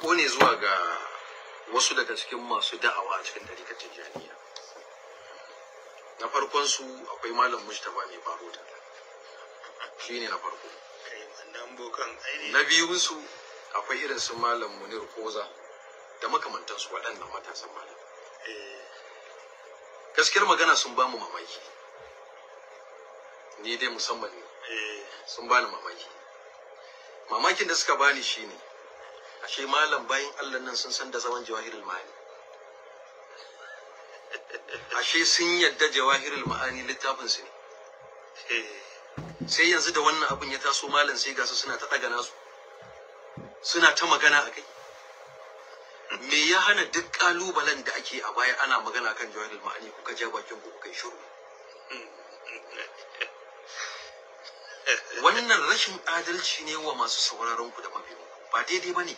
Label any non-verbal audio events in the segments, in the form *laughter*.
sako ne zuwa ga wasu daga cikin masu da'awa a cikin tarikar tijjaniya na farkon su akwai malam mustapha mai baro da shi ne na farko na biyun su akwai irin su malam munir koza da makamantansu waɗannan matasan malam eh. gaskiyar magana sun ba mu mamaki ni dai musamman ne eh. sun ba ni mamaki mamakin da suka bani shine ashe malam bayan Allah nan sun san da zaman jawahirul ma'ani ashe sun yadda jawahirul ma'ani littafin su ne sai yanzu da wannan abin ya taso malam sai gasu suna ta daga nasu suna ta magana a kai me ya hana duk kalubalen da ake a baya ana magana kan jawahirul ma'ani kuka ja bakin ku kai shiru wannan rashin adalci ne wa masu sauraron ku da mafi ba daidai ba ne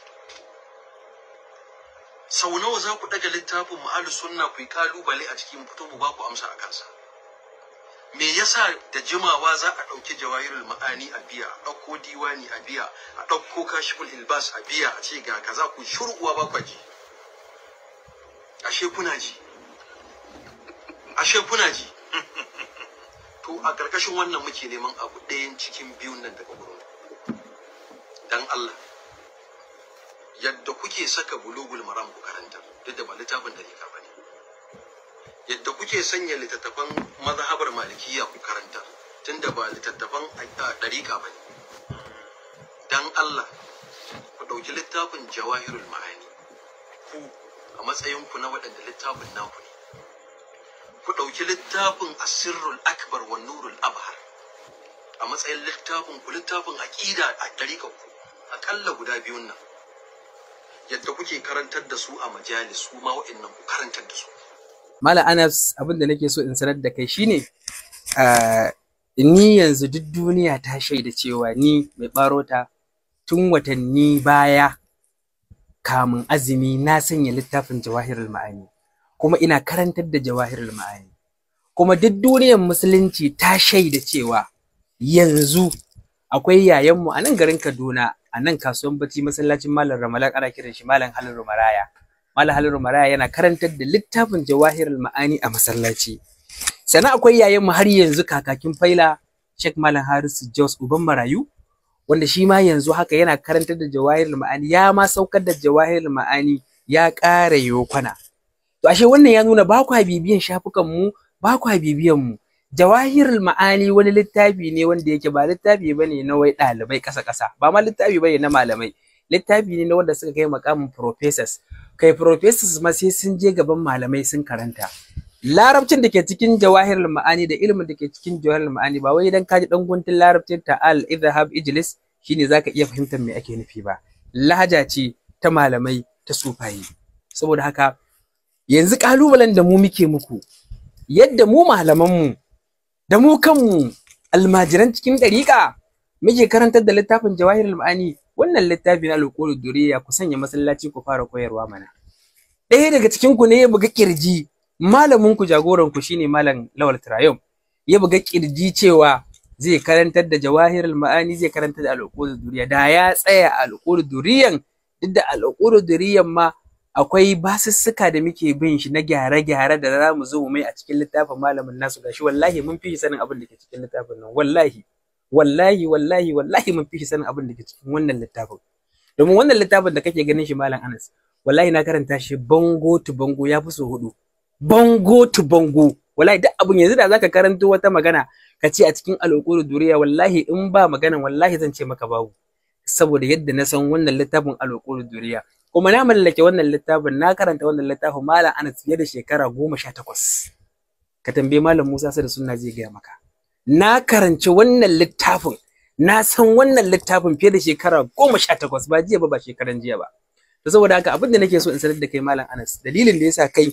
sau nawa za ku ɗaga littafin ma'alu sunna ku yi kalubale a cikin fito mu ba ku amsa a kansa me yasa da jimawa za a ɗauki jawahirul ma'ani a biya a ɗauko diwani a biya a ɗauko kashiful ilbas a biya a ce ga kaza ku shuruwa ba ku ji ashe kuna ji ashe kuna ji *laughs* to a ƙarƙashin wannan muke neman abu ɗayan cikin biyun nan daga gurin dan Allah yadda kuke saka bulugul maram ku karanta duk da ba littafin dariƙa ba ne yadda kuke sanya littattafan mazhabar malikiya ku karanta tunda ba littattafan dariƙa ba ne dan Allah ku ɗauki littafin jawahirul ma'ani ku a matsayin ku na waɗanda littafin naku ne ku ɗauki littafin asirrul akbar wa nurul abhar a matsayin littafin ku littafin aƙida a ɗariƙar ku akalla guda biyun nan yadda kuke karantar da su a majalis su ma wa'annan ku karantar da su Mala Anas abin da nake so in sanar da kai shine eh, ni yanzu duk duniya ta shaida cewa ni mai barota tun watanni baya kamun azumi na sanya littafin jawahirul ma'ani kuma ina karantar da jawahirul ma'ani kuma duk duniyar musulunci ta shaida cewa yanzu akwai yayanmu a nan garin Kaduna a nan kasuwan bacci masallacin malam ramalan ana kiran shi malam halilu maraya malam halilu maraya yana karantar da littafin jawahirul ma'ani a masallaci sannan akwai yayan mu har yanzu kakakin faila Sheikh Malam Harisu Jos uban marayu wanda shi ma yanzu haka yana karantar da jawahirul ma'ani ya ma saukar da jawahirul ma'ani ya ƙara yokwana to ashe wannan ya nuna ba kwa bibiyan shafukan mu ba kwa bibiyan mu jawahirul ma'ani wani littafi ne wanda yake ba littafi bane na wai ɗalibai ƙasa ƙasa ba ma littafi bane na malamai littafi ne na wanda suka kai makamin professors kai professors ma sai sun je gaban malamai sun karanta larabcin da ke cikin jawahirul ma'ani da ilimin da ke cikin jawahirul ma'ani ba wai idan ka ji dan guntun larabcin ta'al idhab ijlis shine za ka iya fahimtar me ake nufi ba lahaja ce ta malamai ta sufaye saboda haka yanzu kalubalen da mu muke muku yadda mu malaman mu da mu kanmu almajiran cikin ɗariƙa muke karantar da littafin al ma'ani wannan littafi na alƙulu duriya ku sanya masallaci ku fara koyarwa mana ɗaya daga cikin ku ne ya buga kirji malamin ku jagoran ku shine malam lawal turayum ya buga kirji cewa zai karantar da al ma'ani zai karantar da alƙulu duriya da ya tsaya alƙulu duriyan duk da alƙulu duriyan ma akwai basussuka da muke bin shi na gyare-gyare da za mu zo mai a cikin littafin malamin nasu gashi wallahi mun fi sanin abin da ke cikin littafin nan wallahi wallahi wallahi wallahi mun fi sanin abin da ke cikin wannan littafin domin wannan littafin da kake ganin shi malam Anas wallahi na karanta shi bango to bango ya fi so hudu bango to bango wallahi duk abin yanzu da zaka karanto wata magana ka ce a cikin alƙuru duriya wallahi in ba magana wallahi zan ce maka babu saboda yadda na san wannan littafin alƙuru duriya kuma na mallake wannan littafin na karanta wannan littafin malam Anas fiye da shekara goma sha takwas ka tambaye malam Musa sai da sunna zai gaya maka na karanci wannan littafin na san wannan littafin fiye da shekara goma sha takwas ba jiya ba ba shekaran jiya ba to saboda haka abin da nake so in sanar da kai malam Anas dalilin da yasa kai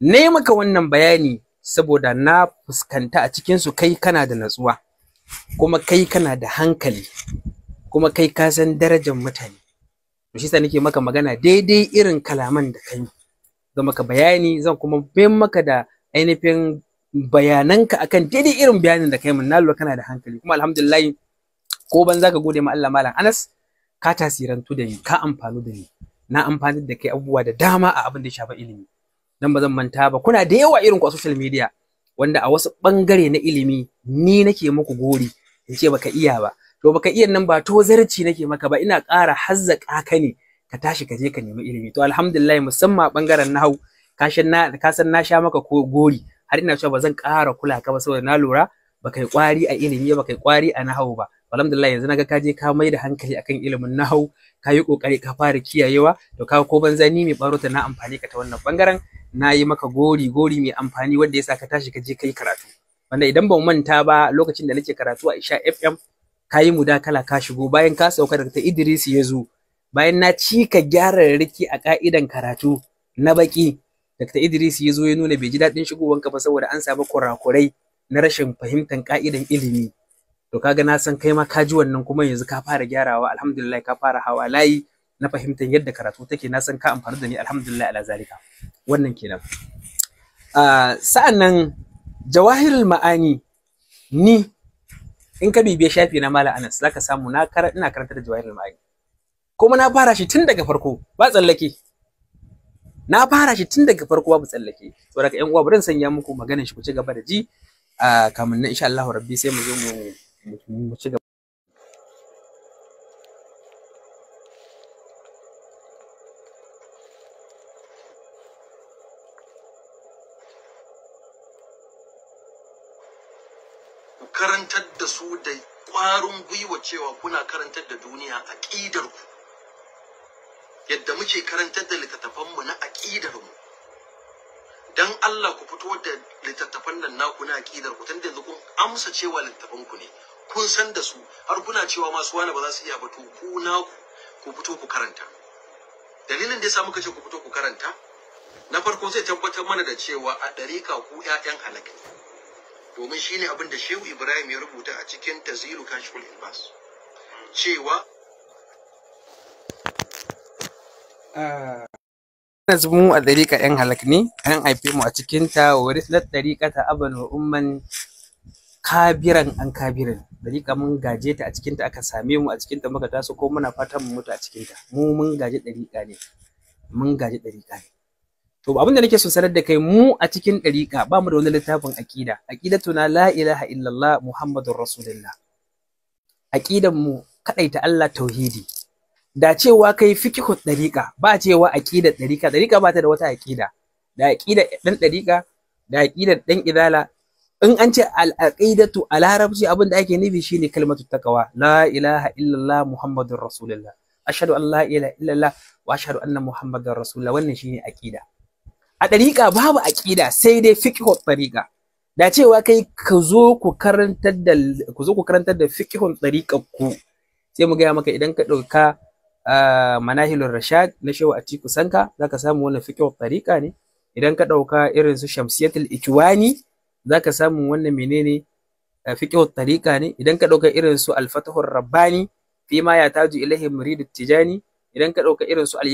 ne maka wannan bayani saboda na fuskanta a cikin su kai kana da natsuwa kuma kai kana da hankali kuma kai ka san darajar mutane to shi sa nake maka magana daidai irin kalaman da kai zan maka bayani zan kuma bayan maka da ainihin bayananka akan daidai irin bayanin da kai mun na lura kana da hankali kuma alhamdulillah ko ban zaka gode ma Allah malam Anas ka tasirantu da ni ka amfanu da ni na amfani da kai abubuwa da dama a abin da ya shafi ilimi dan ba zan manta ba kuna da yawa irin ku a social media wanda a wasu bangare na ilimi ni nake muku gori in ce baka iya ba to baka iya nan ba to zarci nake maka ba ina ƙara hazzaka ka ne ka tashi ka je ka nemi ilimi to alhamdulillah musamman bangaren nahau ka na ka san na sha maka ko gori har ina cewa ba zan ƙara kula ka ba saboda na lura baka yi kwari a ilimi baka yi kwari a nahau ba alhamdulillah yanzu naga ka je ka mai da hankali akan ilimin nahau ka yi kokari ka fara kiyayewa to ka ko banza ni mai barota na amfani ka ta wannan bangaren na yi maka gori gori mai amfani wanda yasa ka tashi ka je kai karatu wanda idan ban manta ba lokacin da nake karatu a Isha FM ka yi mudakala ka shigo bayan ka sauka daga Idris ya zo bayan na cika gyara riki a ka'idan karatu na baki Dr. Idris ya zo ya nuna bai ji daɗin ka ba saboda an samu kurakurai na rashin fahimtar ka'idan ilimi to kaga na san kai ma ka ji wannan kuma yanzu ka fara gyarawa alhamdulillah ka fara hawa layi na fahimtar yadda karatu take na san ka amfani da ni alhamdulillah ala zalika wannan kenan sa'an ah, sa'annan jawahirul ma'ani ni in ka bibiye shafi na Malam Anas zaka samu na ina karanta da Jawahirul Ma'ani kuma na fara shi tun daga farko ba tsallake na fara shi tun daga farko ba tsallake to daga ƴan uwa bari sanya muku maganar shi ku ci gaba da ji ah, kamun na insha Allah rabbi sai mu zo mu ci gaba da ƙwarin gwiwa cewa kuna karantar da duniya a ku yadda muke karantar da littattafanmu na aƙidar mu dan Allah ku fito da littattafan nan naku na aƙidar ku tunda yanzu kun amsa cewa littattafan ku ne kun san da su har kuna cewa ma su wani ba za su iya ba ku naku ku fito ku karanta dalilin da yasa muka ce ku fito ku karanta na farko zai tabbatar mana da cewa a ɗarika ku 'ya'yan halak domin shine abin da Shehu Ibrahim ya rubuta a cikin Tazilu Kashful Ilbas cewa ah, Ana mu a dariƙa ‘yan halak ne, an haife mu a ta wuri rislar dariƙa ta abin umman kabiran an kabiran. Dariƙa mun gaje ta a cikin ta, aka same mu a cikin ta, muka taso ko muna fatan mu mutu a ta. Mu mun gaje dariƙa ne, mun gaje dariƙa ne. to abin da nake so sanar da kai mu a cikin ɗariƙa ba mu da wani littafin aƙida aqidatuna la ilaha illallah muhammadur rasulullah aqidan mu kadaita Allah tauhidi da cewa kai fikihun ɗariƙa ba cewa aƙida ɗariƙa ɗariƙa ba ta da wata aƙida da aƙida ɗan ɗariƙa da aƙidar ɗan idala in an ce al'aqidatu a larabci abin da ake nufi shine kalmatu taqwa la ilaha illallah muhammadur rasulullah ashhadu an la ilaha illallah wa ashhadu anna muhammadar rasulullah wannan shine aqida a ɗariƙa babu aƙida sai dai fiqhul ɗariƙa da cewa kai ka zo ku karantar da ku zo ku ɗariƙa ku sai mu gaya maka idan ka ɗauka ah, manahilur rashad na shehu atiku sanka zaka samu wannan fiqhul ɗariƙa ne idan ka ɗauka irin su shamsiyatul ikiwani zaka samu wannan menene eh, fiqhul ɗariƙa ne idan ka ɗauka irin su alfatahur rabbani fi ma ya taju ilahi muridut tijani idan ka ɗauka irin su al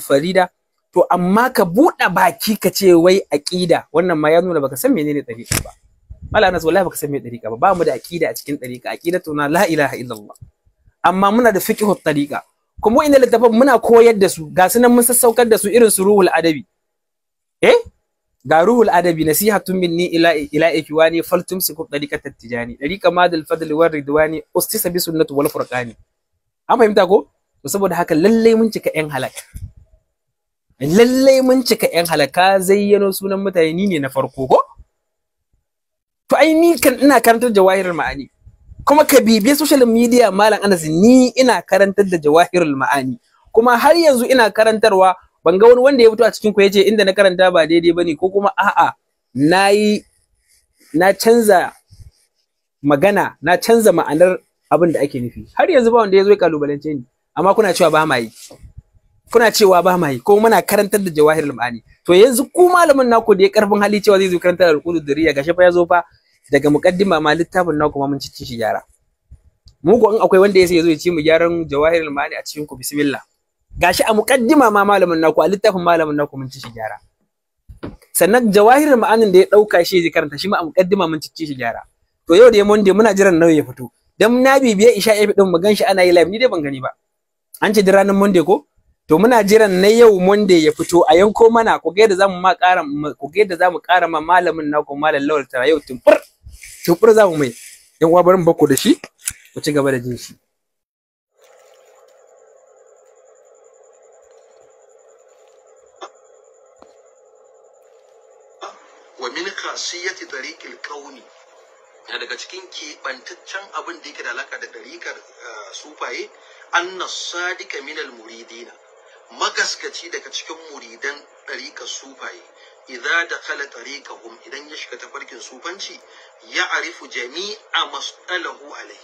farida to amma ka buɗe baki ka ce wai aƙida wannan ma ya nuna baka san menene ɗariƙa ba mala anas wallahi baka san me ɗariƙa ba ba mu da aƙida a cikin ɗariƙa aƙida to na la ilaha illallah amma muna da fiqhu ɗariƙa kuma inda littafin muna koyar da su ga sunan mun sassaukar da su irin su ruhul adabi eh ga ruhul adabi nasihatun minni ila ila ikwani faltumsiku ɗariƙatat tijani ɗariƙa madal fadli war ridwani ustisa bi sunnati wal furqani an fahimta ko saboda haka lallai mun cika yan halaka lallai mun cika yan halaka zayyano sunan mutane ni ne na farko ko to ai ni kan ina karantar jawahirul ma'ani kuma ka bibiye social media malam Anas ni ina karantar da jawahirul ma'ani kuma har yanzu ina karantarwa ban ga wani wanda ya fito a cikin ku yace inda na karanta ba daidai bane ko kuma a'a nayi na canza magana na canza ma'anar abin da ake nufi har yanzu ba wanda ya zo ya kalubalance ni amma kuna cewa ba ma yi kuna cewa ba mai ko muna karantar da al ma'ani to yanzu ku malamin naku da ya karfin hali cewa zai zo karantar qudud duriya gashi fa yazo fa daga muqaddima ma littafin naku ma mun ci shi gyara mu ko in akwai wanda yasa yazo ya zo ya ci mu gyaran al ma'ani a cikin ku bismillah gashi a muqaddima ma malamin naku a littafin malamin naku mun ci shi gyara sannan al ma'anin da ya dauka shi zai karanta shi ma a muqaddima mun ci shi gyara to yau da monday muna jiran nawa ya fito dan na bibiye isha ya fi din mu gan shi ana yi live ni dai ban gani ba an ce duk ranar monday ko to muna jiran na yau monday ya fito a yanko mana ku ga yadda zamu ma ƙara ku ga yadda zamu ƙara ma malamin na ku malam lawal tara yau tumfur tumfur zamu mai yan uwa barin bako da shi ku ci gaba da jin shi wa min khasiyati tariqil kauni na daga cikin keɓantaccen abin da yake da alaka da ɗarikar eh, sufaye annas sadika minal muridina magaskaci daga cikin muridan ɗariƙa sufaye idza dakhala tariqahum idan ya shiga tafarkin sufanci ya arifu jami'a mas'alahu alai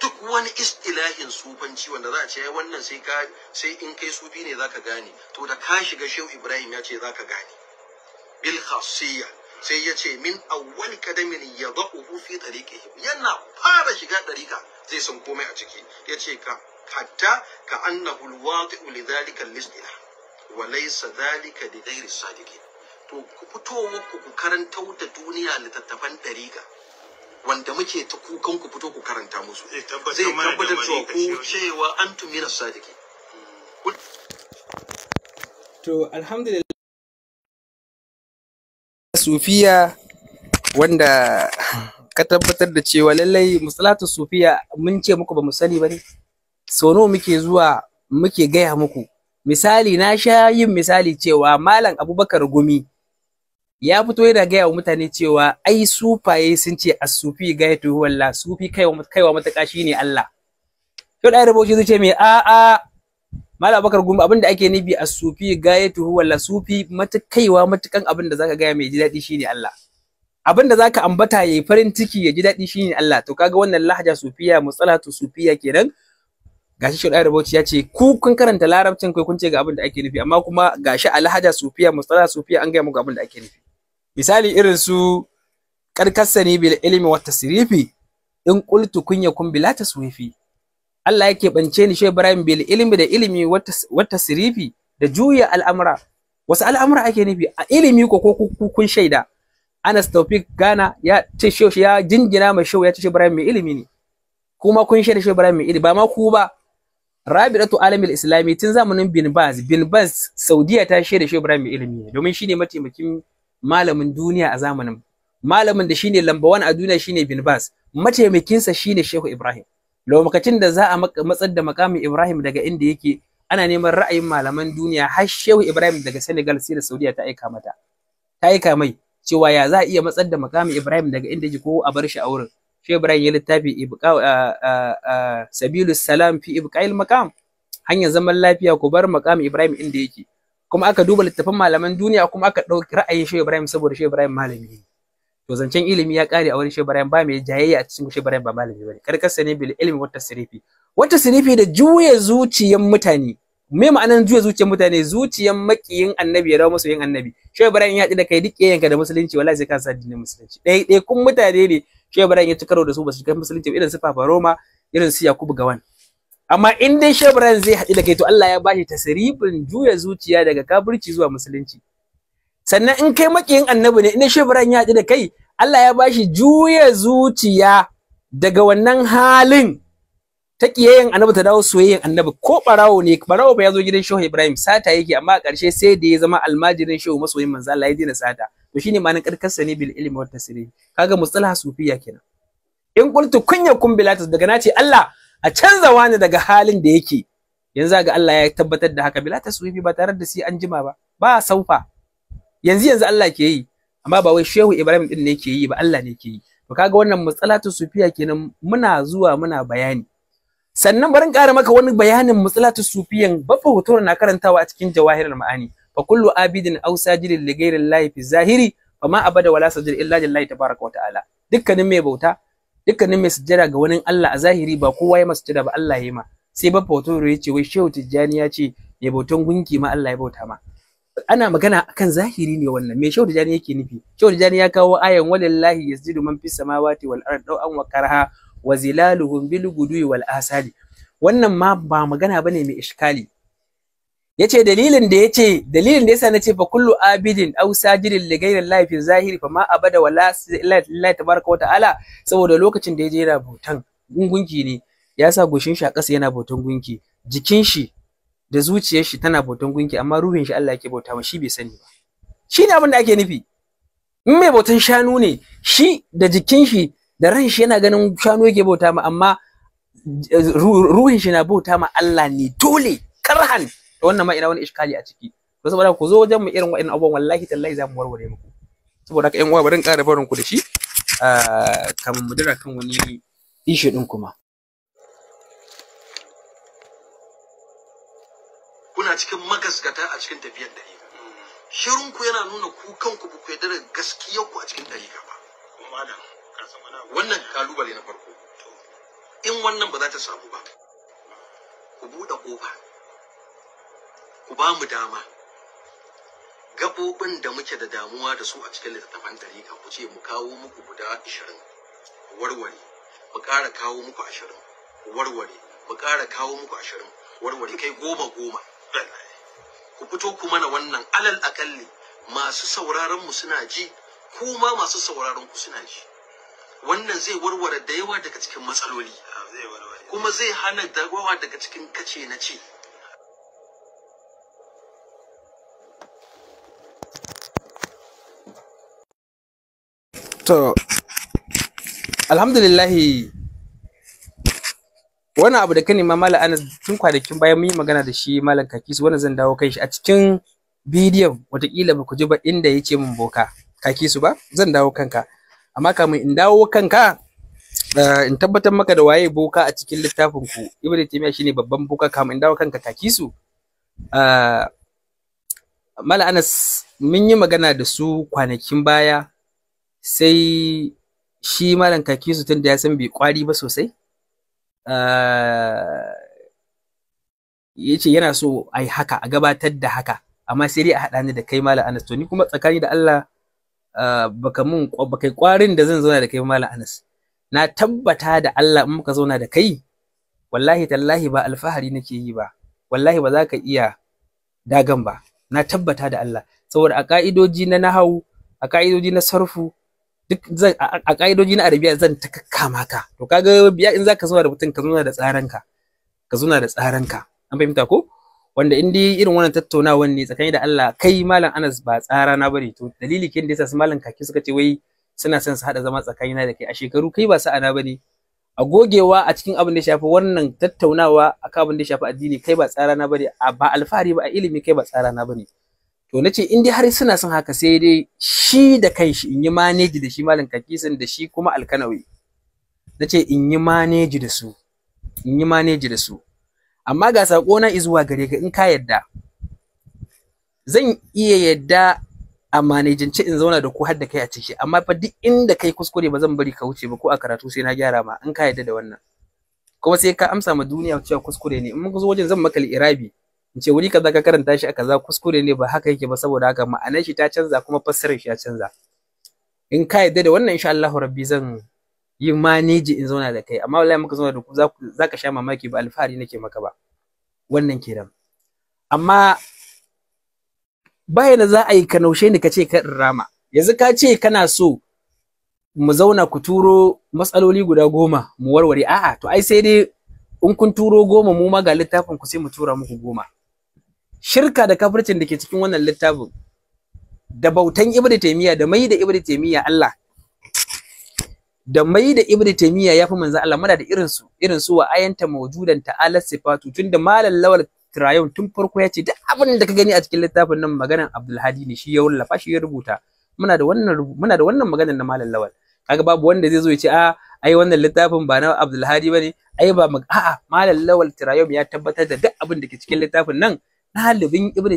duk wani istilahin sufanci wanda za a ce wannan sai ka sai in kai sufi ne zaka gane to da ka shiga shehu ibrahim ya ce zaka gane bil khasiyya sai ya ce min awwal kadamin yadahu fi tariqihim yana fara shiga ɗarika, zai san komai a ciki ya ce ka hatta ka annahu alwadi'u li dhalika al-istila wa laysa dhalika li ghairi sadiqin to ku fito muku ku karanta wuta duniya littattafan dariƙa wanda muke ta kukan ku fito ku karanta musu eh, zai tabbatar cewa ku cewa an tumina sadiki to alhamdulillah sufiya wanda ka tabbatar da cewa lallai musalatu sufiya mun ce muku ba mu sani ba ne so nawa muke zuwa muke gaya muku misali na sha yin misali cewa malam abubakar gumi ya fito yana gaya wa mutane cewa ai sufaye sun ce asufi to huwallah sufi kaiwa kaiwa shi shine Allah to da rubuci zai ce me a a malam abubakar gumi abinda ake nufi asufi to huwallah sufi matakaiwa matukan abinda zaka gaya mai ji dadi shine Allah abinda zaka ambata yayi farin ciki ya ji dadi shine Allah to kaga wannan lahaja sufiya musalatu sufiya kenan gashi shi da bauchi ya ce ku kun karanta larabcin kai kun ce ga abin da ake nufi amma kuma gashi alhaja sufiya mustala sufiya an gaya muku abin da ake nufi misali irin su karkasani bil ilmi wat tasrifi in qultu kun yakun bila taswifi Allah yake bance ni shi Ibrahim bil ilmi da ilmi wat tasrifi da juya al'amra wasu al'amura ake nufi a ilimi ko ko kun shaida Anas Tawfik Gana ya ce shi ya jingina mai shau ya ce shi Ibrahim mai ilimi ne kuma kun shaida shi Ibrahim mai ilimi ba ma ku ba Rabi'atu Alamil Islami tun zamanin Bin Baz, Bin Baz Saudiya ta shaida Shehu Ibrahim ilimi domin shine mataimakin malamin duniya a zamanin. Malamin da shine lamba wani a duniya shine Bin Baz, mataimakinsa shine Shehu Ibrahim. Lokacin da za a matsar da makamin Ibrahim daga inda yake ana neman ra'ayin malaman duniya har Shehu Ibrahim daga Senegal sai da Saudiya ta aika mata. Ta aika mai cewa ya za iya matsar da makamin Ibrahim daga inda yake ko a bar shi a wurin. shi ibrahim ya littafi ibqa sabilus salam fi ibqa'il maqam hanyar zaman lafiya ku bar maqam ibrahim inda yake kuma aka duba littafin malaman duniya kuma aka ɗauki ra'ayin shi ibrahim saboda shi ibrahim malami ne to zancen ilimi ya kare a wurin shi ibrahim ba mai jayayya a cikin shi ibrahim ba malami bane karkarsa ne bil ilmi wata sirifi wata sirifi da juya zuciyar mutane me ma'anar juya zuciyar mutane zuciyar makiyin annabi ya dawo yin annabi shehu ibrahim ya da kai duk yayanka da musulunci wallahi sai ka addinin musulunci ɗaya ɗaya kun mutane ne shi Ibrahim ya ci karo da su ba su kai musulunci irin su Papa Roma irin su Yakubu Gawan amma in dai Shehu Ibrahim zai haɗu da kai to Allah ya bashi tasribin juya zuciya daga kafirci zuwa musulunci sannan in kai makiyin annabi ne in dai Shehu ya haɗu da kai Allah ya bashi juya zuciya daga wannan halin ta kiyayen annabi ta dawo soyayyen annabi ko barawo ne barawo ba ya zo gidan Shehu Ibrahim sata yake amma a ƙarshe sai da ya zama almajirin Shehu masoyin manzo Allah ya daina sata to shine ma'anar karkar Sani bil ilmi wa tasiri? kaga mustalaha sufiya kenan in qultu kun bilatus daga nace Allah a canza wani daga halin da yake yanzu ga Allah ya tabbatar da haka bila sufi ba tare da si an jima ba ba saufa yanzu yanzu Allah ke yi amma ba wai Shehu Ibrahim din ne ke yi ba Allah ne ke yi to kaga wannan mustalatu sufiya kenan muna zuwa muna bayani sannan barin in ƙara maka wani bayanin mustalatu sufiyan babba hoton na karantawa a cikin jawahirul ma'ani wa kullu abidin aw sajidin li ghairi llahi fi zahiri fa ma abada wala sajid illa lillahi tabaraka wa ta'ala dukkanin mai bauta dukkanin mai sujjada ga wani Allah a zahiri ba kowa ya sujjada ba Allah ya ma sai babba wato ya ce wai shehu tijjani ya ce mai bautan gunki ma Allah ya bauta ma ana magana akan zahiri ne wannan Mai shehu tijjani yake nufi shehu tijjani ya kawo ayan walillahi yasjudu man fis samawati wal ardi an wa karaha wa zilaluhum bil gudu wal asali wannan ma ba magana bane mai iskali yace dalilin da yace dalilin da yasa nace fa kullu abidin aw sajidin li ghayri Allah fi zahiri fa ma abada wala lillahi tabaraka wa ta'ala saboda lokacin da yaje yana bautan gungunki ne ya sa goshin shi a ƙasa yana bautan gunki jikin shi da zuciyar shi tana bautan gunki amma ruhin shi Allah yake bauta shi bai sani ba Shi ne abin da ake nufi in mai bautan shanu ne shi da jikin shi da ran shi yana ganin shanu yake bauta ma amma eh, ruhin shi na bauta ma Allah ne dole karhan wannan ma ina wani iskali a ciki to saboda ku zo wajen mu irin wa'annan abubuwan wallahi tallahi za mu warware muku saboda ka ƴan uwa bari in ƙara barin ku da shi kamar mu dira kan wani issue din kuma kuna cikin magasgata a cikin tafiyar dariƙa shirin ku yana nuna ku kanku ba ku yarda da gaskiyar ku a cikin dariƙa ba wannan kalubale na farko in wannan ba za ta samu ba ku buɗe ƙofa ku ba mu dama gabobin da muke da damuwa da su a cikin littattafan ɗariƙa ku ce mu kawo muku guda ashirin warware mu ƙara kawo muku ashirin warware mu ƙara kawo muku ashirin warware kai goma goma ku fito ku mana wannan alal akalli masu sauraron mu suna ji kuma masu sauraron ku suna ji wannan zai warware da yawa daga cikin matsaloli kuma zai hana dagowa daga cikin kace na ce to alhamdulillahi wannan abu da kani ma malam Anas tun kwanakin bayan mun yi magana da shi malam Kakisu wannan zan dawo kai shi a cikin bidiyon watakila ba ku ji ba inda ya ce min boka Kakisu ba zan dawo kanka amma kamun in dawo kanka eh, in tabbatar maka da waye boka a cikin littafin ku ibnu Taymiyyah shine babban boka kamun in dawo kanka Kakisu eh, malam Anas mun yi magana da su kwanakin baya sai shi malam Kakisu tun da ya san bai kwari ba sosai eh, Yace yana so a haka a gabatar da haka amma sai dai a haɗa ni da kai malam anas to ni kuma tsakani da allah eh, baka mun baka kwarin da zan zauna da kai malam anas na tabbata da allah in muka zauna da kai wallahi tallahi ba alfahari nake yi ba wallahi ba za ka iya dagan ba na tabbata da allah saboda a ka'idoji na nahau a ka'idoji na sarfu duk zan a ka'idoji na arabiya zan ta kakka ka to kaga biya in zaka zauna da mutum ka zauna da tsaranka ka zauna da tsaranka an fahimta ko wanda in dai irin wannan tattaunawar ne tsakani da Allah kai malam Anas ba tsara na bane to dalili kin da yasa su malam kaki suka ce wai suna son su hada zama na da kai a shekaru kai ba sa'a na bane a gogewa a cikin abin da shafi wannan tattaunawa akan abin da shafi addini kai ba tsara na bane ba alfahari ba a ilimi kai ba tsara na bane to nace in dai har suna son haka sai dai shi da kanshi in yi manage da shi malam kakisin da shi kuma alkanawi nace in yi manage da su in yi manage da su amma ga sako na izuwa gare ka in ka yadda zan iya yadda a manejance in zauna da ku har da kai a ciki amma fa duk inda kai kuskure ba zan bari ka wuce ba ko a karatu sai na gyara ma in ka yadda da wannan kuma sai ka amsa ma duniya cewa kuskure ne in mun zo wajen zan makali irabi in ce wuri kaza ka karanta shi a kaza kuskure ne ba haka yake ba saboda haka ma'anar shi ta canza kuma fassarar shi ya canza in ka yadda da wannan insha Allah rabbi zan yi maneji in zauna da kai amma wallahi muka zauna da ku za ka sha mamaki ba alfahari nake maka ba wannan kenan amma bayan za a yi ka naushe ni ka ce ka rama yanzu ka ce kana so mu zauna ku turo matsaloli guda goma mu warware a'a to ai sai dai in kun turo goma mu ma ga littafin ku sai mu tura muku goma shirka da kafircin da ke cikin wannan littafin da bautan ibnu taymiya da mai da ibnu taymiya Allah da mai da ibnu taymiya yafi manzo Allah muna da irin su irin su wa ayanta mawjudan ta'ala sifatu tunda malal lawal tirayon tun farko ya ce duk abin da ka gani a cikin littafin nan maganar Abdul Hadi ne shi ya wallafa shi ya rubuta muna da wannan muna da wannan maganar na malal lawal kaga babu wanda zai zo ya ce a ah, ai wannan littafin ba na Abdul Hadi bane ai ba a'a malal lawal tirayon ya tabbatar da duk abin da ke cikin littafin nan ɗalibin ibn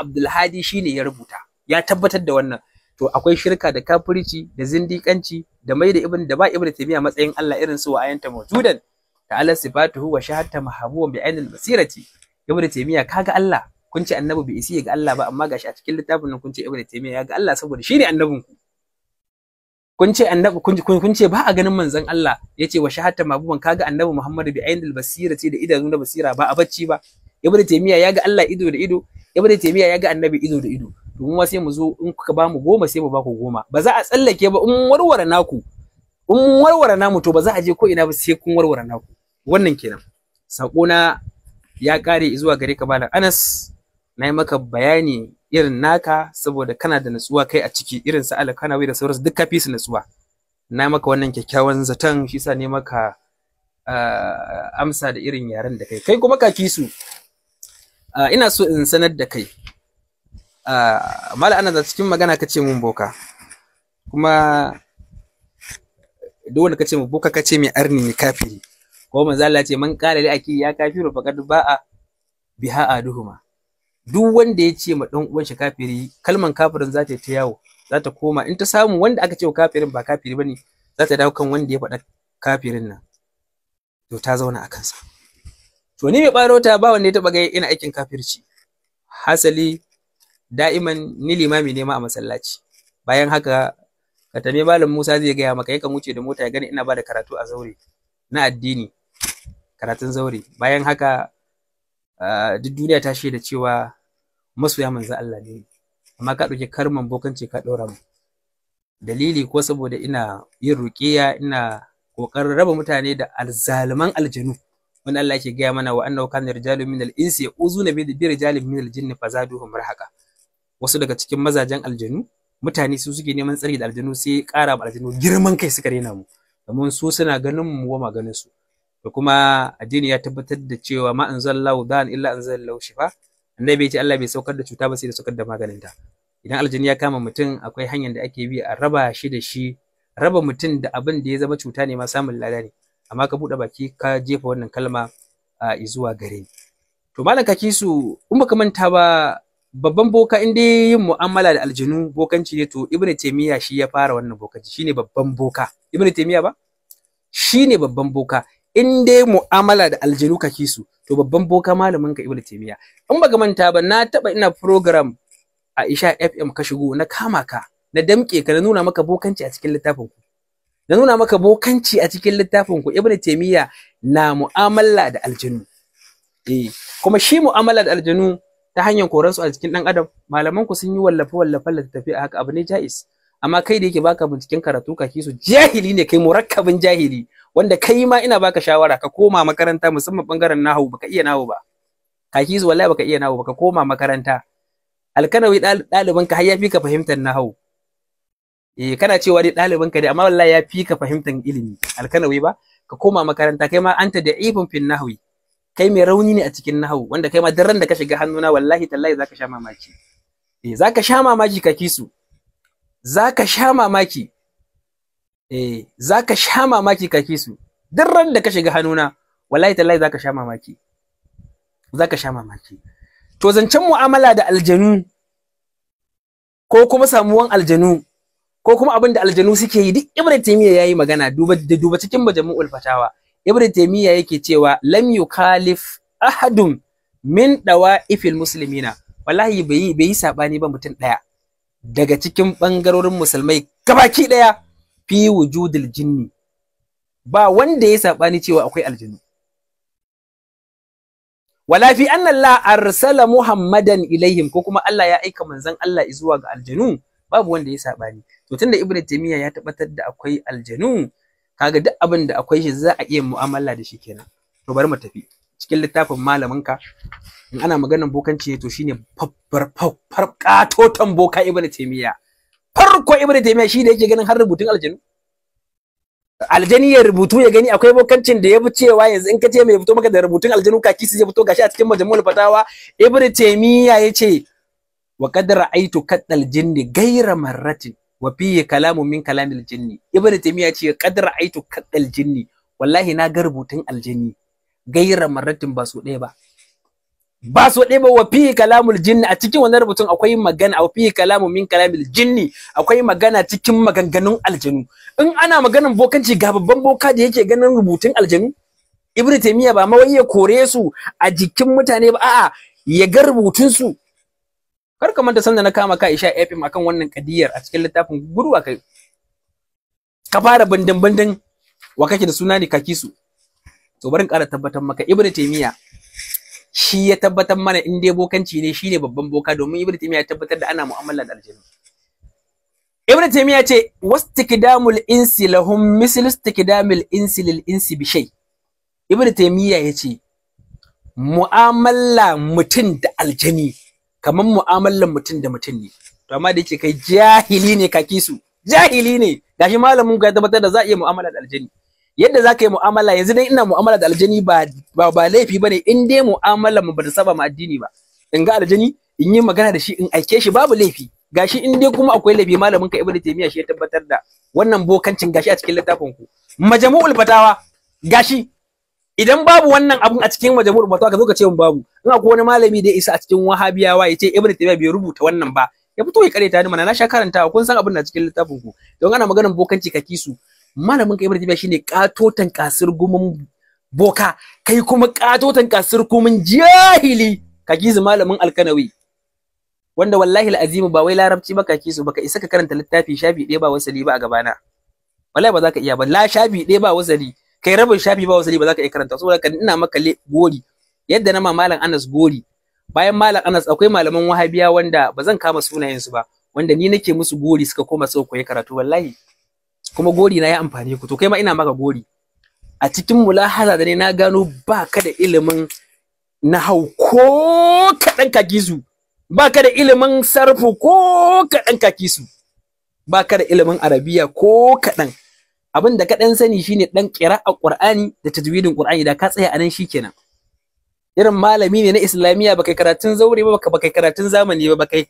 Abdul Hadi shine ya rubuta ya tabbatar da wannan to akwai shirka da kafirci da zindiƙanci da mai da ibn da ba ibn Taymiyya matsayin Allah irin su wa'ayanta mawjudan ta'ala sifatuhu wa shahadta mahabuwan bi ainil basirati ibn Taymiyya kaga Allah kun ce annabi bai isi ga Allah ba amma gashi a cikin littafin nan kun ce ibn ya ga Allah saboda shine annabinku kun ce annabi kun ce ba a ganin manzon Allah yace wa shahatta mabuban kaga annabi Muhammadu bi ainil basirati da idanun da basira ba a bacci ba ibn taymiya ya ga Allah ido da ido ibn taymiya ya ga annabi ido da ido to mu sai mu zo in kuka ba mu goma sai mu ba ku goma ba za a tsallake ba in warware naku in warware namu to ba za a je ko ina ba sai kun warware naku wannan kenan sako na ya kare zuwa gare ka malam Anas na maka bayani irin naka saboda kana da natsuwa kai a ciki irin sa alkanawi da sauransu duk kafi su natsuwa na maka wannan kyakkyawan zaton shi sa ne maka ah, amsa da irin yaren da kai kai kuma kaki su Ah, ina so in sanar da kai ah, mala da cikin magana kace mun boka kuma duk wanda kace mun boka kace mai arni ne kafiri ko manzo Allah ce man qala li aki ya kafiru faqad ba'a biha aduhuma duk wanda ya ce ma dan uwan shi kafiri kalman kafirin za ta ta yawo za ta koma in ta samu wanda aka ce kafirin ba kafiri bane za ta dawo kan wanda ya faɗa kafirin nan to ta zauna a kansa to ni mai ta ba wanda ya taba ga ina aikin kafirci hasali da'iman ni limami ne ma a masallaci bayan haka ka balin Musa zai gaya maka yakan wuce da mota ya gani ina ba da karatu a zaure na addini karatun zaure bayan haka ah, duk duniya ta shaida cewa masoya manzo Allah ne amma ka ɗauki karman bokanci ka ɗora mu dalili ko saboda ina yin ruƙiya ina ƙoƙarin raba mutane da alzaluman aljanu wani Allah yake gaya mana wa annahu kana rijalun minal insi uzuna bi rijalin minal jinni fazaduhum rahaqa wasu daga cikin mazajen aljanu mutane su suke neman tsari da aljanu sai kara ba aljanu girman kai suka rena mu domin su suna ganin mu wa maganin su da kuma addini ya tabbatar da cewa ma anzalallahu dan illa anzalallahu shifa annabi ya ce Allah bai saukar da cuta ba sai da saukar da maganinta idan aljanu ya kama mutum akwai hanyar da ake bi a raba shi da shi raba mutum da abin da ya zama cuta ne ma samun ladani amma ka buɗe baki ka jefa wannan kalma a zuwa gare ni to malam kakisu in baka manta ba babban boka in dai yin mu'amala da aljinu bokanci ne to ibnu taymiya shi ya fara wannan bokanci shine babban boka ibnu taymiya ba shine babban boka in dai mu'amala da aljinu kake su to babban boka malamin ka ibnu taymiya in baka manta ba na taba ina program a isha fm ka shigo na kama ka na damke ka na nuna maka bokanci a cikin littafin ku na nuna maka bokanci a cikin littafin ku ibnu taymiya na mu'amala da aljanu eh kuma shi mu'amala da aljanu ta hanyar su a cikin dan adam malaman ku sun yi wallafe da tafi a haka abu ne jais amma kai da yake baka binciken karatu ka kisu jahili ne kai murakkabin jahili wanda kai ma ina baka shawara ka koma makaranta musamman bangaren nahawu baka iya Nahu ba ka kisu wallahi baka iya nahawu baka koma makaranta alkanawi ɗaliban ka har yafi ka fahimtar Nahu. eh kana cewa dai ɗalibin ka dai amma wallahi ya fi ka fahimtar ilimi alkanawi ba ka koma makaranta kai ma anta da ibn fil nahwi kai mai rauni ne a cikin nahwu wanda kai ma duk ran da ka shiga hannuna wallahi tallahi zaka sha mamaki eh zaka sha mamaki ka kisu zaka sha mamaki eh zaka sha mamaki ka kisu duk ran da ka shiga hannuna wallahi tallahi zaka sha mamaki zaka sha mamaki to zancen mu'amala da aljanu ko kuma samuwan aljanu ko kuma abin da aljanu suke yi duk ibnu taymiya yayi magana duba da duba cikin majmu'ul fatawa ibnu taymiya yake cewa lam yukalif ahadun min dawa'ifil muslimina wallahi bai bai yi sabani ba mutum daya daga cikin bangarorin musulmai gabaki daya fi wujudil jinni ba wanda ya sabani cewa akwai Aljanu. wala fi anna Allah arsala Muhammadan ilaihim ko kuma Allah ya aika manzon Allah zuwa ga Aljanu? babu wanda ya saɓani? to tunda ibnu taymiya ya tabbatar da akwai aljanu kaga duk abin da akwai shi za a iya mu'amala da shi kenan to bari mu tafi cikin littafin malaminka in ana maganar bokanci to shine farfar katotan boka ibnu taymiya farko ibnu taymiya shi da yake ganin har rubutun aljanu aljani ya rubutu ya gani akwai bokancin da ya fi cewa yanzu in ka ce mai fito maka da rubutun aljanu kaki su je fito gashi a cikin majmu'ul fatawa ibnu taymiya yace wa qad ra'aytu kaddal jinni ghayra marratin wa fihi kalamu min kalamil jinni ibnu taymiya ce qad aitu kaddal jinni wallahi na ga rubutun aljini ghayra marratin ba so ɗaya ba ba so ɗaya ba wa fihi kalamul jinni a cikin wannan rubutun akwai magana wa fihi kalamu min kalamil jinni akwai magana cikin maganganun aljanu in ana maganan bokanci ga babban boka da yake ganin rubutun aljanu ibnu taymiya ba ma ya kore su a jikin mutane ba a'a ya ga rubutun su har kamar da sanda na kama ka Isha FM akan wannan kadiyar a cikin littafin gurwa kai ka fara bandan bandan wa kake da suna ne kaki su to barin ƙara tabbatar maka Ibn Taymiya shi ya tabbatar mana in dai bokanci ne shine babban boka domin Ibn Taymiya ya tabbatar da ana mu'amala da aljanna Ibn Taymiya ce wastikdamul insi lahum misl istikdamil insi lil insi bi shay Ibn Taymiya yace mu'amala mutum da aljani kamar mu'amalan mutum da mutum ne to amma da yake kai jahili ne kaki su jahili ne gashi malamin ka tabbatar da za a iya mu'amala da aljani yadda za ka yi mu'amala yanzu dai ina mu'amala da aljani ba ba, ba laifi bane in dai mu'amala mu ba ta saba ma addini ba in ga aljani in yi magana da shi in aike shi babu laifi gashi in dai kuma akwai laifi malamin ka ibnu taymiya shi ya tabbatar da wannan bokancin gashi a cikin littafin ku majmu'ul fatawa gashi idan babu wannan abun a cikin majmu'ul fatawa ka zo ka ce mun babu in akwai wani malami da ya isa a cikin wahabiyawa ya ce eh, ibn tabiya bai rubuta wannan ba ya fito ya kareta ni mana na sha karantawa kun san abin da cikin littafin ku don ana maganar bokanci ka kisu malamin ka ibn tabiya shine katotan kasir gumin boka kai kuma katotan kasir gumin jahili ka kisu malamin alkanawi wanda wallahi alazim ba wai larabci ba ka kisu baka isa ka karanta littafi shafi ɗaya ba wasali ba a gabana wallahi ba za ka iya ba la shafi ɗaya ba wasali kai rabin shafi ba wasali ba za ka iya karanta saboda kan ina maka gori yadda na ma malam Anas gori bayan malam Anas akwai malaman wahabiya wanda ba zan kama sunayen su ba wanda ni nake musu gori suka koma sau koyi karatu wallahi kuma gori na ya amfane ku to kai ma ina maka gori a cikin mulahaza da ne na gano ba ka da ilimin hau ko kaɗan kakisu ba ka da ilimin sarfu ko kaɗan kakisu ba ka da ilimin arabiya ko kaɗan abin da ka dan sani shine dan a qur'ani da tajwidin qur'ani da ka tsaya anan shikenan irin malami ne na islamiyya baka karatun zaure ba baka karatun zamani ba baka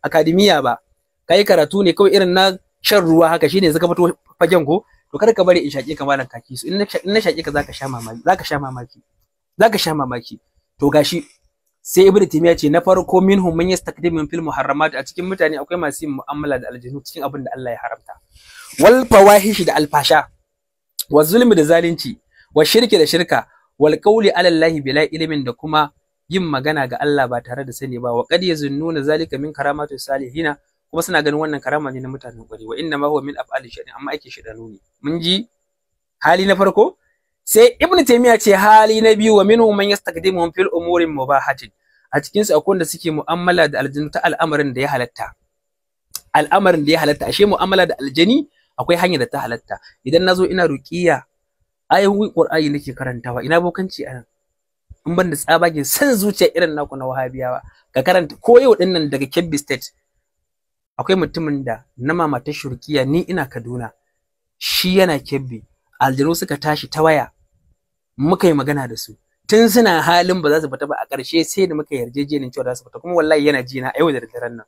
akademiya ba kai karatu ne kawai irin na shan ruwa haka shine zaka fito fagen ko to kada ka bari in shaƙe ka malam kaki su in na shaƙe ka zaka sha mamaki zaka sha mamaki zaka sha mamaki to gashi sai ibnu timiya ce na farko minhum man yastakdimu fil muharramat a cikin mutane akwai masu yin mu'amala da aljinu cikin abin da Allah ya haramta wal fawahishi da alfasha wa zulmi da zalunci wa shirki da shirka wal qawli ala allahi bila ilimin da kuma yin magana ga Allah ba tare da sani ba wa qad yazunnuna zalika min karamatis salihina kuma suna ganin wannan karama ne na mutanen gari wa inna ma huwa min af'ali shay'in amma ake shedanu ne mun ji hali na farko sai ibnu taymiya ce hali na biyu wa minhum man yastaqdimuhum fil umuri mubahatin a cikin su akwai wanda suke mu'amala da aljinu ta al'amarin da ya halatta al'amarin da ya halatta ashe mu'amala da aljani akwai hanyar da ta halatta idan na zo ina ruƙiya ayoyin qur'ani nake karantawa ina bokanci a nan in ban da tsabagen san zuciya irin naku na wahabiyawa ka karanta ko yau din nan daga kebbi state akwai mutumin da na mama ta shurkiya ni ina kaduna shi yana kebbi aljanu suka tashi ta waya muka yi magana da su tun suna halin ba za su fita ba a ƙarshe sai da muka yarjejeniyar cewa za su fita kuma wallahi yana jina a yau da daren nan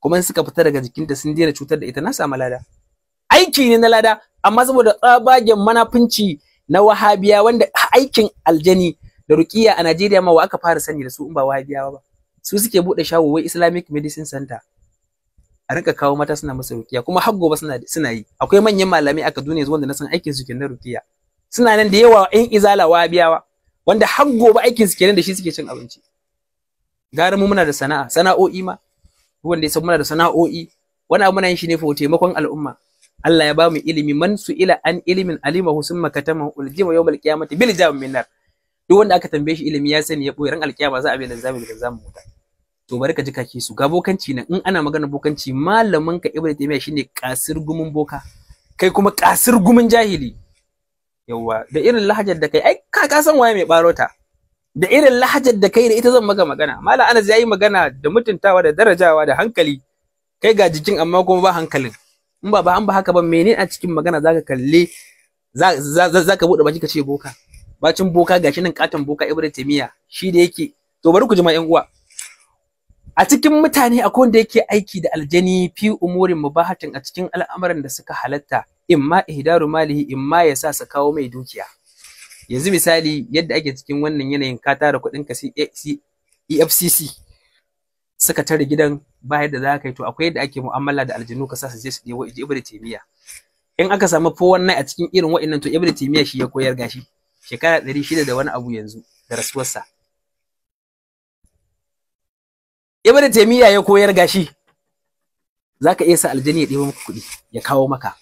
kuma in suka fita daga jikinta sun daina cutar da ita na samu lada aiki ne na lada amma saboda tsabagen manafinci na wahabiya wanda aikin aljani da rukiya a Najeriya ma wa aka fara sani da su in ba wahabiyawa ba su suke bude shago wai Islamic Medicine Center a rinka kawo mata suna musu rukiya kuma har gobe suna suna yi akwai manyan malamai a Kaduna zuwa wanda na san aikin su kenan rukiya suna nan da yawa in izala wahabiyawa wanda har gobe aikin su kenan da shi suke cin abinci gara mu muna da sana'a sana'o'i ma wanda ya san muna da sana'o'i wani abu muna yin shi ne fa taimakon al'umma Allah ya bamu ilimi man su ila an ilimin alimahu summa katamahu uljima yawmal qiyamati bil jam min nar duk wanda aka tambaye shi ilimi ya sani ya boye ran alkiyama za a bi zamu da zamu wuta to bari ka ji kake su ga bokanci nan in ana magana bokanci malamin ka ibnu taymiya shine kasir gumin boka kai kuma kasir gumin jahili yawa da irin lahajar da kai ai ka ka san waye mai barota da irin lahajar da kai da ita zan maka magana malam Anas yi magana da mutuntawa da darajawa da hankali kai ga jikin amma kuma ba hankalin in ba an ba haka ba menene a cikin magana zaka kalle zaka bude baki ka ce boka bacin boka gashi nan katon boka ibra temiya shi da yake to bari ku jima yan uwa a cikin mutane akwai wanda yake aiki da aljani fi umurin mubahatin a cikin al'amuran da suka halatta imma ihdaru malihi imma ya sa su kawo mai dukiya yanzu misali yadda ake cikin wannan yanayin ka tara kuɗin ka EFCC suka tare gidan ba yadda za ka yi to akwai yadda ake mu'amala da aljinu ka sa su je su je iji ibnu taymiya in aka samu fo wannan a cikin irin wa'annan to ibnu taymiya shi ya koyar gashi shekara 600 shida da wani abu yanzu da rasuwarsa ibnu taymiya ya koyar gashi zaka iya sa aljani ya dibo maka kuɗi ya kawo maka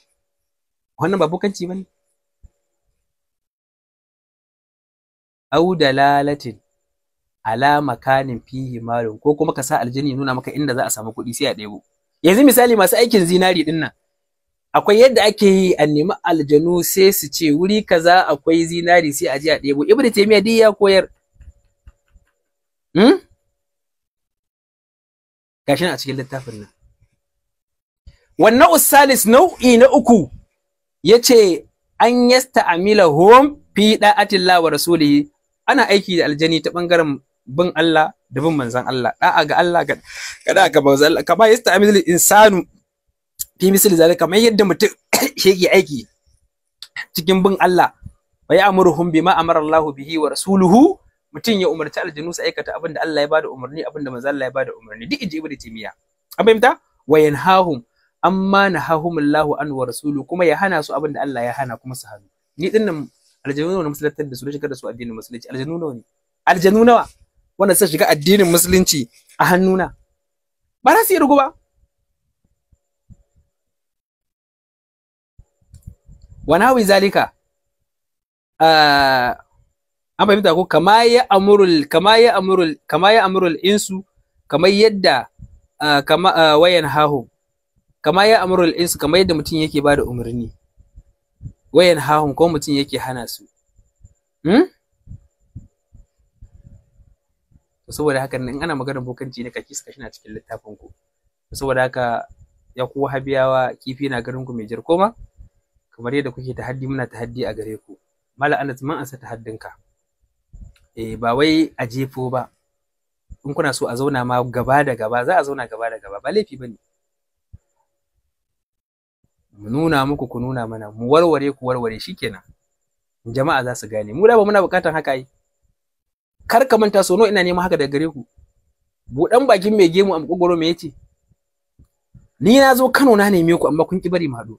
wannan ba bukanci bane au dalalatin ala makanin fihi malun ko kuma ka sa aljani nuna maka inda za a samu kuɗi sai a ɗebo yanzu misali masu aikin zinari din nan akwai yadda ake yi a nemi aljanu sai su ce wuri kaza akwai zinari sai a je a ɗebo ibnu taymiya dai ya koyar hmm? gashi a cikin littafin nan wannan usalis nau'i na uku yace an yasta Amila hum fi da'atillah wa rasulihi ana aiki da aljani ta bangaren bin Allah da bin manzon Allah da'a ga Allah ga kada ga manzon Allah kama amil insanu fi misli zalika kamar yadda mutum *coughs* yake aiki cikin bin Allah wa ya'muruhum bima amara Allah bihi wa rasuluhu mutum ya umarci aljinu su aikata abin da Allah ya bada umarni abin da manzon Allah ya bada umarni duk inji ibnu timiya an fahimta wa yanhahum amma nahahum Allah an wa rasuluhu kuma ya hana su abin da Allah ya hana kuma su hanu ni dinnan aljanu nawa musulatan da su da shigar da su addinin musulunci aljanu nawa ne aljanu nawa wanda suka shiga addinin musulunci a hannuna ba za su yi rugu ba wana wanawi zalika ah, an fahimta ko kama ya amurul kama ya amurul kama ya amurul insu kamar yadda ah, kama ah, wayan hahu kama ya amurul insu kamar yadda mutum yake ba da umarni wayan hahun ko mutum yake hana su hmm? saboda haka in ana bokan bokanci ne kaki suka na cikin littafin ku saboda haka ya ku habiyawa kifi na garin ku mai jar koma kamar yadda kuke ta haddi, muna ta haddi a gare ku mala anas man ansa ka. eh ba wai a jefo ba in kuna so a zauna ma gaba da gaba za a zauna gaba da gaba ba laifi bane mu nuna muku ku nuna mana mu warware ku warware shikenan jama'a za su gane mu da ba muna bukatan haka ai kar ka manta sono ina neman haka daga gare ku buɗan bakin mai gemu a makogoro me yace ni na zo Kano na neme ku amma kun ki bari mu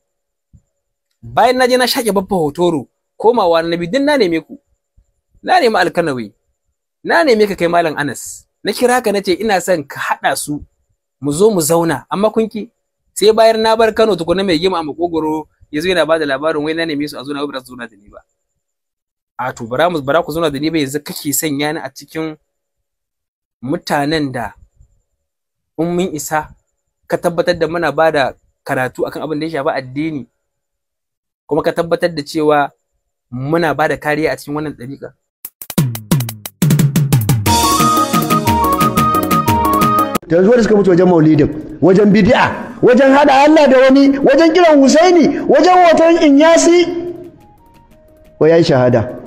bayan na je na shake babba hotoro komawa na nabi din na neme ku na nemi alkanawi na neme ka kai malam Anas na kira ka nace ina son ka haɗa su mu zo mu zauna amma kun ki sai bayan na bar Kano tukuna mai gemu a makogoro yazo yana bada labarin wai na neme su a zo na ba su zo na da ni ba a to bara mu bara ku zauna da ni ba yanzu kake sanya ni a cikin mutanen da in mun isa ka tabbatar da muna ba da karatu akan abin da ya shafi addini kuma ka tabbatar da cewa muna ba da kariya a cikin wannan ɗariƙa yanzu da suka mutu wajen maulidin wajen bid'a wajen hada Allah da wani wajen kiran Husaini wajen hoton Inyasi wa yayi shahada